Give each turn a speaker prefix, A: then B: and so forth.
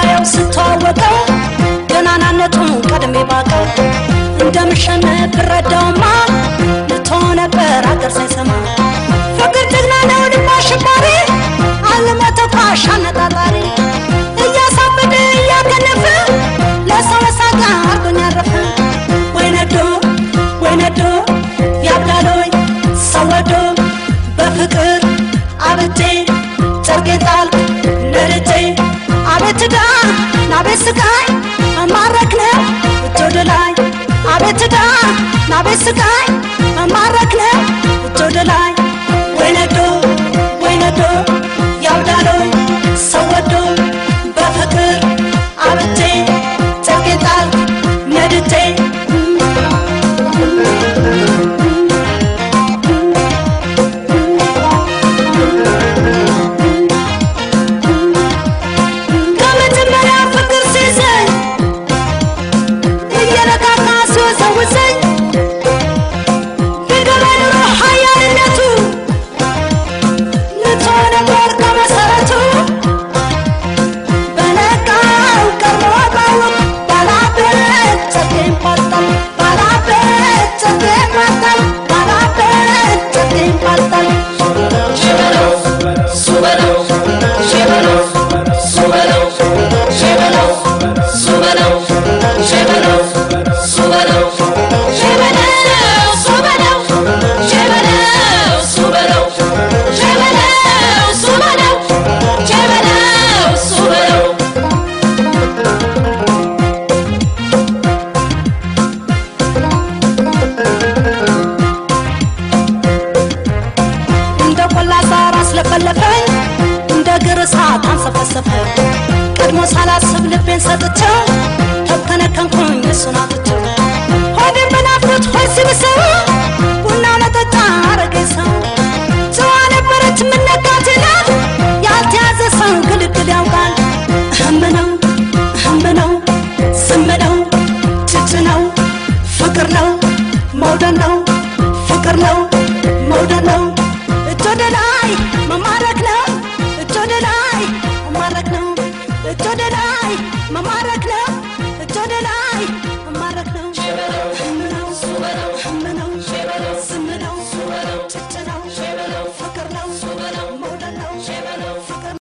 A: ሳየው ስተዋወቀው ገናናነቱን ቀድሜ ባቀው እንደምሸነ ብረዳውማ ልቶ ነበር አገር ሳይሰማ ፍቅር ጀግና ነው ድማ አሸባሪ አለመተኳሽ አነጣጣሪ እያሳበደ እያገነፈ ለሰው ሳጋ አርጎኝ አረፈ ወይ ነዶ ወይ ነዶ ያብዳሎይ ሰወዶ በፍቅር አቤት ስቃይ መማረክ ነው እጅ ወደ ላይ አቤት ዕዳ አቤት ስቃይ መማረክ ነው እጅ ወደ ላይ እሳት አንሰፈሰፈ ቀድሞ ሳላስብ ልቤን ሰጥቼ ተብተነከንኩኝ እሱና cho đến ai mà mãi